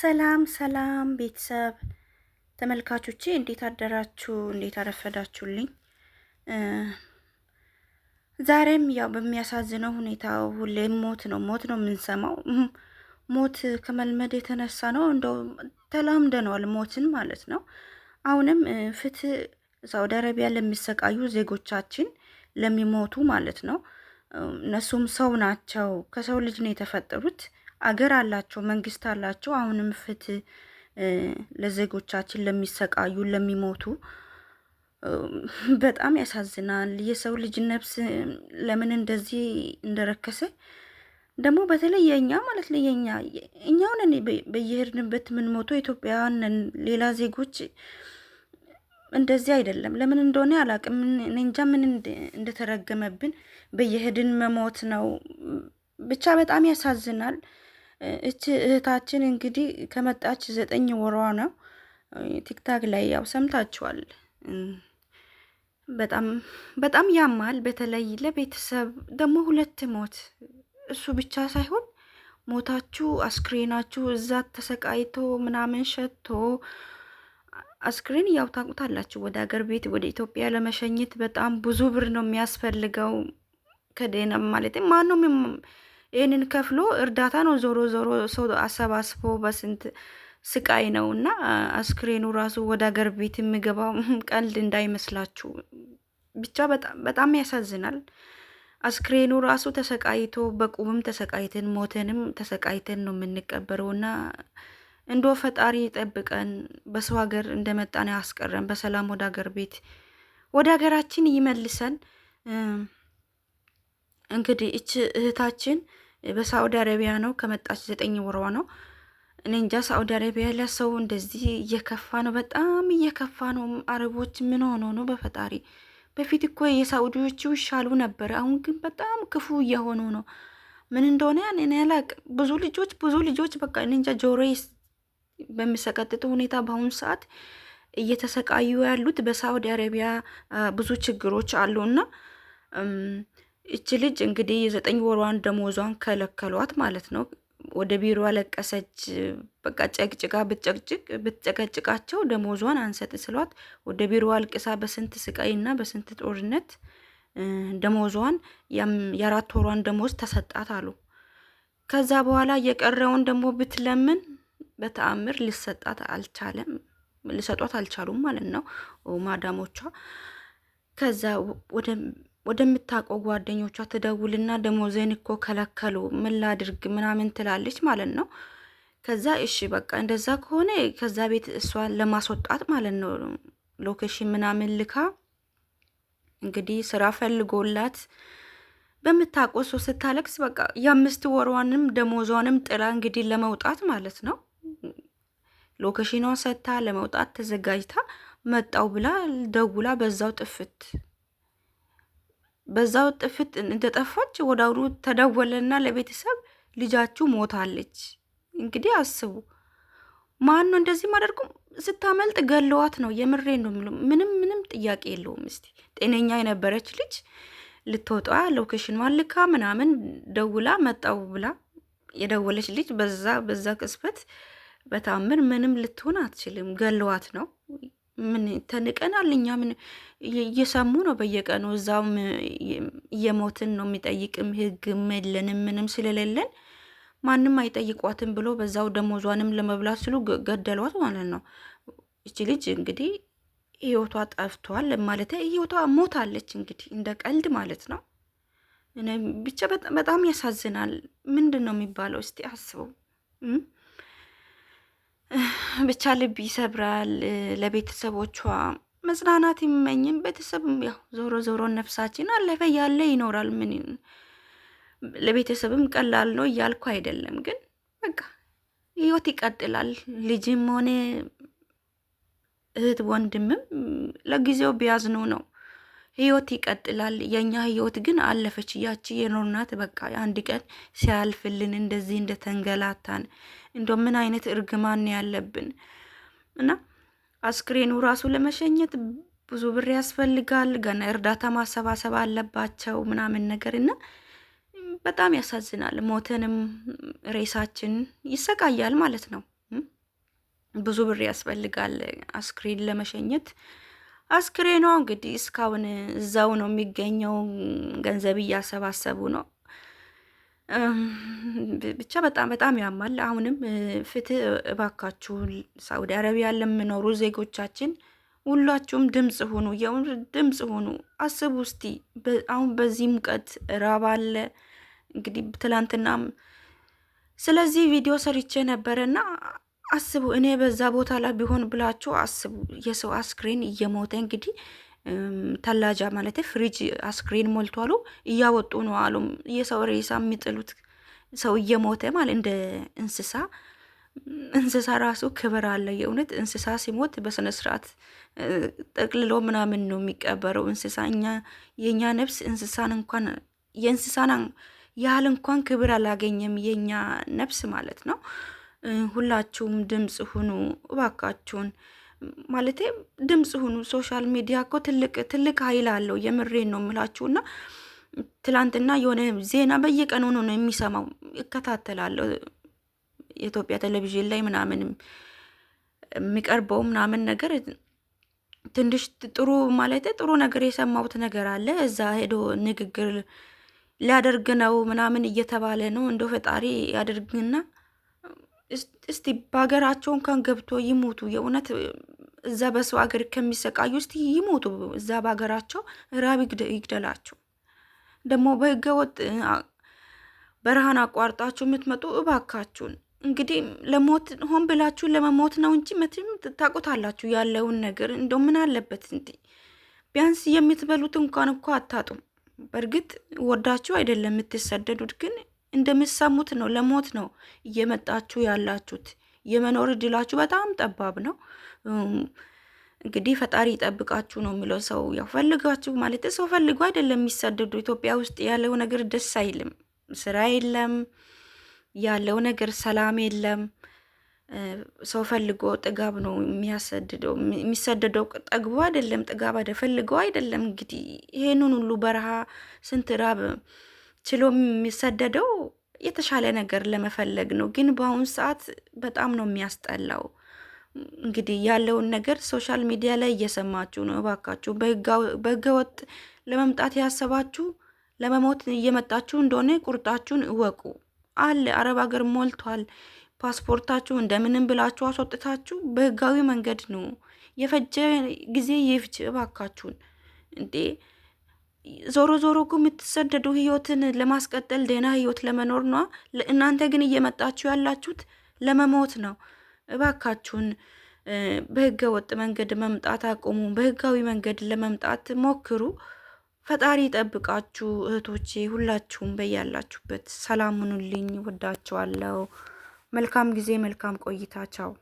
ሰላም ሰላም ቤተሰብ ተመልካቾቼ እንዴት አደራችሁ? እንዴት አረፈዳችሁልኝ? ዛሬም ያው በሚያሳዝነው ሁኔታ ሁሌም ሞት ነው ሞት ነው የምንሰማው። ሞት ከመልመድ የተነሳ ነው እንደው ተላምደነዋል ሞትን ማለት ነው። አሁንም ፍትህ ሳውዲ አረቢያ ለሚሰቃዩ ዜጎቻችን ለሚሞቱ ማለት ነው። እነሱም ሰው ናቸው፣ ከሰው ልጅ ነው የተፈጠሩት። አገር አላቸው፣ መንግስት አላቸው። አሁንም ፍትህ ለዜጎቻችን ለሚሰቃዩ፣ ለሚሞቱ በጣም ያሳዝናል። የሰው ልጅ ነፍስ ለምን እንደዚህ እንደረከሰ ደግሞ በተለይ የእኛ ማለት ላይ የእኛ እኛውን በየሄድንበት ሞቶ ኢትዮጵያውያን ሌላ ዜጎች እንደዚህ አይደለም። ለምን እንደሆነ አላቅም። እንጃ ምን እንደተረገመብን በየሄድን መሞት ነው። ብቻ በጣም ያሳዝናል። እች እህታችን እንግዲህ ከመጣች ዘጠኝ ወሯ ነው። ቲክታክ ላይ ያው ሰምታችኋል። በጣም በጣም ያማል። በተለይ ለቤተሰብ ደግሞ ሁለት ሞት እሱ ብቻ ሳይሆን ሞታችሁ አስክሬናችሁ እዛ ተሰቃይቶ ምናምን ሸቶ አስክሬን ያው ታውቁታላችሁ። ወደ ሀገር ቤት ወደ ኢትዮጵያ ለመሸኘት በጣም ብዙ ብር ነው የሚያስፈልገው። ከደህና ማለት ማንም ይህንን ከፍሎ እርዳታ ነው ዞሮ ዞሮ ሰው አሰባስቦ በስንት ስቃይ ነው እና አስክሬኑ ራሱ ወደ ሀገር ቤት የሚገባው ቀልድ እንዳይመስላችሁ። ብቻ በጣም ያሳዝናል። አስክሬኑ ራሱ ተሰቃይቶ በቁብም ተሰቃይተን ሞተንም ተሰቃይተን ነው የምንቀበረው እና እንዶ ፈጣሪ ጠብቀን በሰው ሀገር እንደመጣን ያስቀረን፣ በሰላም ወደ ሀገር ቤት ወደ ሀገራችን ይመልሰን። እንግዲህ እች እህታችን በሳዑዲ አረቢያ ነው ከመጣች ዘጠኝ ወሯ ነው። እኔ እንጃ ሳዑዲ አረቢያ ያለ ሰው እንደዚህ እየከፋ ነው፣ በጣም እየከፋ ነው። አረቦች ምን ሆኖ ነው? በፈጣሪ በፊት እኮ የሳዑዲዎቹ ይሻሉ ነበር። አሁን ግን በጣም ክፉ እየሆኑ ነው። ምን እንደሆነ እኔ አላቅም። ብዙ ልጆች ብዙ ልጆች በቃ እኔ እንጃ ጆሮ በሚሰቀጥጡ ሁኔታ በአሁኑ ሰዓት እየተሰቃዩ ያሉት በሳዑዲ አረቢያ ብዙ ችግሮች አሉ እና እች ልጅ እንግዲህ የዘጠኝ ወሯን ደሞዟን ከለከሏት ማለት ነው። ወደ ቢሮ አለቀሰች። በቃ ጨቅጭቃ ብትጨቅጭቅ ብትጨቀጭቃቸው ደሞዟን አንሰጥ ስሏት ወደ ቢሮ አልቅሳ በስንት ስቃይና በስንት ጦርነት ደሞዟን የአራት ወሯን ደሞዝ ተሰጣት አሉ። ከዛ በኋላ የቀረውን ደግሞ ብትለምን በተአምር ሊሰጣት አልቻለም፣ ሊሰጧት አልቻሉም ማለት ነው ማዳሞቿ ከዛ ወደ ወደምታውቀው ጓደኞቿ ትደውልና ደሞዜን እኮ ከለከሉ ምን ላድርግ ምናምን ትላለች ማለት ነው። ከዛ እሺ በቃ እንደዛ ከሆነ ከዛ ቤት እሷን ለማስወጣት ማለት ነው ሎኬሽን ምናምን ልካ እንግዲህ ስራ ፈልጎላት በምታውቀው ሰው ስታለቅስ በቃ የአምስት ወሯንም ደሞዟንም ጥላ እንግዲህ ለመውጣት ማለት ነው ሎኬሽኗ ሰታ ለመውጣት ተዘጋጅታ መጣው ብላ ደውላ በዛው ጥፍት በዛው ጥፍት እንደጠፋች ወደ አውሩ ተደወለና ለቤተሰብ ልጃችሁ ሞታለች። እንግዲህ አስቡ። ማን ነው እንደዚህ ማደርጉ? ስታመልጥ ገለዋት ነው። የምሬ ነው ምሉ። ምንም ምንም ጥያቄ የለውም። እስቲ ጤነኛ የነበረች ልጅ ልትወጣ ሎኬሽን ማልካ ምናምን ደውላ መጣው ብላ የደወለች ልጅ በዛ በዛ ቅስበት በታምር ምንም ልትሆን አትችልም። ገለዋት ነው። ምን ተንቀናል? እኛ ምን እየሰሙ ነው? በየቀኑ እዛውም እየሞትን ነው። የሚጠይቅም ህግም የለንም ምንም ስለሌለን ማንም አይጠይቋትም ብሎ በዛው ደሞዟንም ለመብላት ስሉ ገደሏት ማለት ነው። እቺ ልጅ እንግዲህ ህይወቷ ጠፍቷል ማለት ህይወቷ ሞታለች። እንግዲህ እንደ ቀልድ ማለት ነው። ብቻ በጣም ያሳዝናል። ምንድን ነው የሚባለው? እስቲ አስበው። ብቻ ልብ ይሰብራል። ለቤተሰቦቿ መጽናናት ይመኝም። ቤተሰብ ያው ዞሮ ዞሮ ነፍሳችን አለፈ ያለ ይኖራል። ምን ለቤተሰብም ቀላል ነው እያልኩ አይደለም፣ ግን በቃ ህይወት ይቀጥላል። ልጅም ሆነ እህት ወንድምም ለጊዜው ቢያዝኑ ነው ህይወት ይቀጥላል። የእኛ ህይወት ግን አለፈች። ያቺ የኖርናት በቃ አንድ ቀን ሲያልፍልን እንደዚህ እንደተንገላታን እንደ ምን አይነት እርግማን ያለብን እና አስክሬኑ ራሱ ለመሸኘት ብዙ ብር ያስፈልጋል። ገና እርዳታ ማሰባሰብ አለባቸው ምናምን ነገር እና በጣም ያሳዝናል። ሞተንም ሬሳችን ይሰቃያል ማለት ነው። ብዙ ብር ያስፈልጋል አስክሬን ለመሸኘት። አስክሬኗ እንግዲህ እስካሁን እዛው ነው የሚገኘው። ገንዘብ እያሰባሰቡ ነው። ብቻ በጣም በጣም ያማል። አሁንም ፍትህ እባካችሁ ሳውዲ አረቢያ ለምኖሩ ዜጎቻችን ሁላችሁም ድምፅ ሆኑ፣ የምር ድምፅ ሆኑ። አስቡ እስቲ አሁን በዚህ ሙቀት ራብ አለ እንግዲህ ትላንትናም ስለዚህ ቪዲዮ ሰርቼ ነበረና አስቡ። እኔ በዛ ቦታ ላይ ቢሆን ብላችሁ አስቡ። የሰው አስክሬን እየሞተ እንግዲህ ተላጃ ማለት ፍሪጅ አስክሬን ሞልቶ አሉ እያወጡ ነው አሉ። የሰው ሬሳ የሚጥሉት ሰው እየሞተ ማለት እንደ እንስሳ እንስሳ ራሱ ክብር አለ። የእውነት እንስሳ ሲሞት በስነ ስርዓት ጠቅልሎ ምናምን ነው የሚቀበረው። እንስሳ እኛ የእኛ ነፍስ እንስሳን እንኳን የእንስሳን ያህል እንኳን ክብር አላገኘም የእኛ ነፍስ ማለት ነው። ሁላችሁም ድምፅ ሁኑ እባካችሁን። ማለቴ ድምፅ ሁኑ። ሶሻል ሚዲያ እኮ ትልቅ ትልቅ ኃይል አለው። የምሬን ነው የምላችሁና ትላንትና የሆነ ዜና በየቀኑ ነው ነው የሚሰማው እከታተላለሁ የኢትዮጵያ ቴሌቪዥን ላይ ምናምን የሚቀርበው ምናምን ነገር ትንሽ ጥሩ ማለት ጥሩ ነገር የሰማሁት ነገር አለ። እዛ ሄዶ ንግግር ሊያደርግ ነው ምናምን እየተባለ ነው። እንደው ፈጣሪ ያደርግና እስቲ በሀገራቸው እንኳን ገብቶ ይሞቱ። የእውነት እዛ በሰው ሀገር ከሚሰቃዩ እስቲ ይሞቱ። እዛ በሀገራቸው ራብ ይግደላቸው። ደግሞ በህገ ወጥ በረሃን አቋርጣችሁ የምትመጡ እባካችሁን እንግዲህ ለሞት ሆን ብላችሁ ለመሞት ነው እንጂ መቼም ታውቁታላችሁ ያለውን ነገር። እንደው ምን አለበት እንዲ ቢያንስ የምትበሉት እንኳን እኮ አታጡም። በእርግጥ ወዳችሁ አይደለም የምትሰደዱት፣ ግን እንደምሰሙት ነው። ለሞት ነው እየመጣችሁ ያላችሁት። የመኖር እድላችሁ በጣም ጠባብ ነው። እንግዲህ ፈጣሪ ይጠብቃችሁ ነው የሚለው ሰው ያው ፈልጋችሁ ማለት ሰው ፈልጎ አይደለም የሚሰደዱ። ኢትዮጵያ ውስጥ ያለው ነገር ደስ አይልም። ስራ የለም፣ ያለው ነገር ሰላም የለም። ሰው ፈልጎ ጥጋብ ነው የሚያሰድደው። የሚሰደደው ጠግቦ አይደለም፣ ጥጋብ ፈልጎ አይደለም። እንግዲህ ይሄንን ሁሉ በረሃ ስንት ራብ ችሎ የሚሰደደው የተሻለ ነገር ለመፈለግ ነው። ግን በአሁኑ ሰዓት በጣም ነው የሚያስጠላው። እንግዲህ ያለውን ነገር ሶሻል ሚዲያ ላይ እየሰማችሁ ነው። እባካችሁ በህገወጥ ለመምጣት ያሰባችሁ ለመሞት እየመጣችሁ እንደሆነ ቁርጣችሁን እወቁ። አለ አረብ ሀገር ሞልቷል። ፓስፖርታችሁ እንደምንም ብላችሁ አስወጥታችሁ በህጋዊ መንገድ ነው። የፈጀ ጊዜ ይፍጅ እባካችሁን እንዴ ዞሮ ዞሮ እኮ የምትሰደዱ ህይወትን ለማስቀጠል ደህና ህይወት ለመኖር ነ እናንተ ግን እየመጣችሁ ያላችሁት ለመሞት ነው። እባካችሁን በህገ ወጥ መንገድ መምጣት አቁሙ። በህጋዊ መንገድ ለመምጣት ሞክሩ። ፈጣሪ ጠብቃችሁ እህቶቼ፣ ሁላችሁም በያላችሁበት ሰላም ሁኑልኝ። ወዳችኋለሁ። መልካም ጊዜ፣ መልካም ቆይታ። ቻው